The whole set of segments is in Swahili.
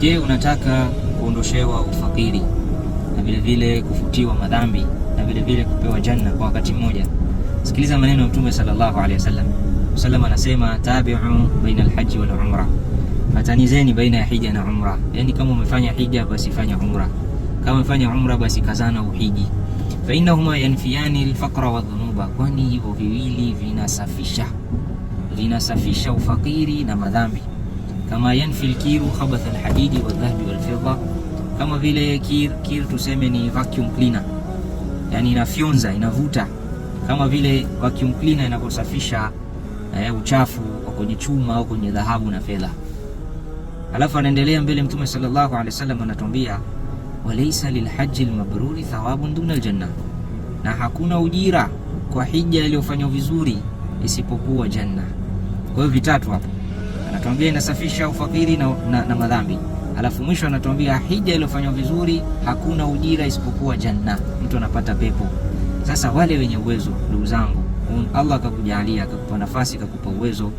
Je, unataka kuondoshewa ufakiri na vile kufutiwa madhambi na vilevile kupewa janna kwa wakati mmoja? Sikiliza maneno ya Mtume sallallahu alaihi wasallam. Msalama anasema tabiu baina alhaji wal umra, fatanizeni baina ya hija na umra. Yani kama umefanya hija basi fanya umra, kama umefanya umra basi kazana uhiji. Fa innahuma yanfiyani alfaqra dhunuba, kwani hivyo viwili vinasafisha vinasafisha ufakiri na madhambi kama yanfi lkiru khabath alhadidi waldhahbi walfidda, kama vile kir, kir tuseme ni vacuum cleaner, yani inafyonza inavuta, kama vile vacuum cleaner inavyosafisha eh, uchafu wa kwenye chuma au kwenye dhahabu na fedha. Alafu anaendelea mbele, Mtume sallallahu alaihi wasallam anatuambia walaysa lilhaji lmabruri thawabun duna aljanna, na hakuna ujira kwa hija iliyofanywa vizuri isipokuwa janna. Kwa hiyo vitatu hapo anatuambia inasafisha ufadhili na, na, na madhambi. Alafu mwisho anatuambia hija iliyofanywa vizuri hakuna ujira isipokuwa janna, mtu anapata pepo. Sasa wale wenye uwezo, ndugu zangu, Allah akakujalia akakupa nafasi akakupa uwezo,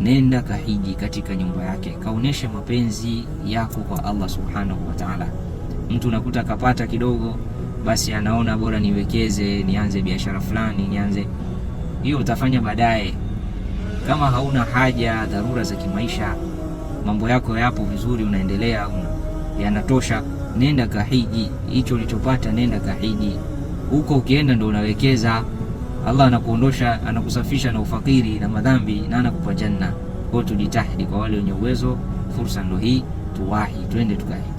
nenda kahiji katika nyumba yake, kaoneshe mapenzi yako kwa Allah subhanahu wa ta'ala. Mtu unakuta akapata kidogo, basi anaona bora niwekeze, nianze biashara fulani, nianze hiyo, utafanya baadaye kama hauna haja dharura za kimaisha, mambo yako yapo vizuri, unaendelea una, yanatosha, nenda kahiji. Hicho ulichopata nenda kahiji huko, ukienda ndo unawekeza. Allah anakuondosha anakusafisha na ufakiri na madhambi na anakupa janna. Kwa tujitahidi, kwa wale wenye uwezo, fursa ndo hii, tuwahi, twende tukahi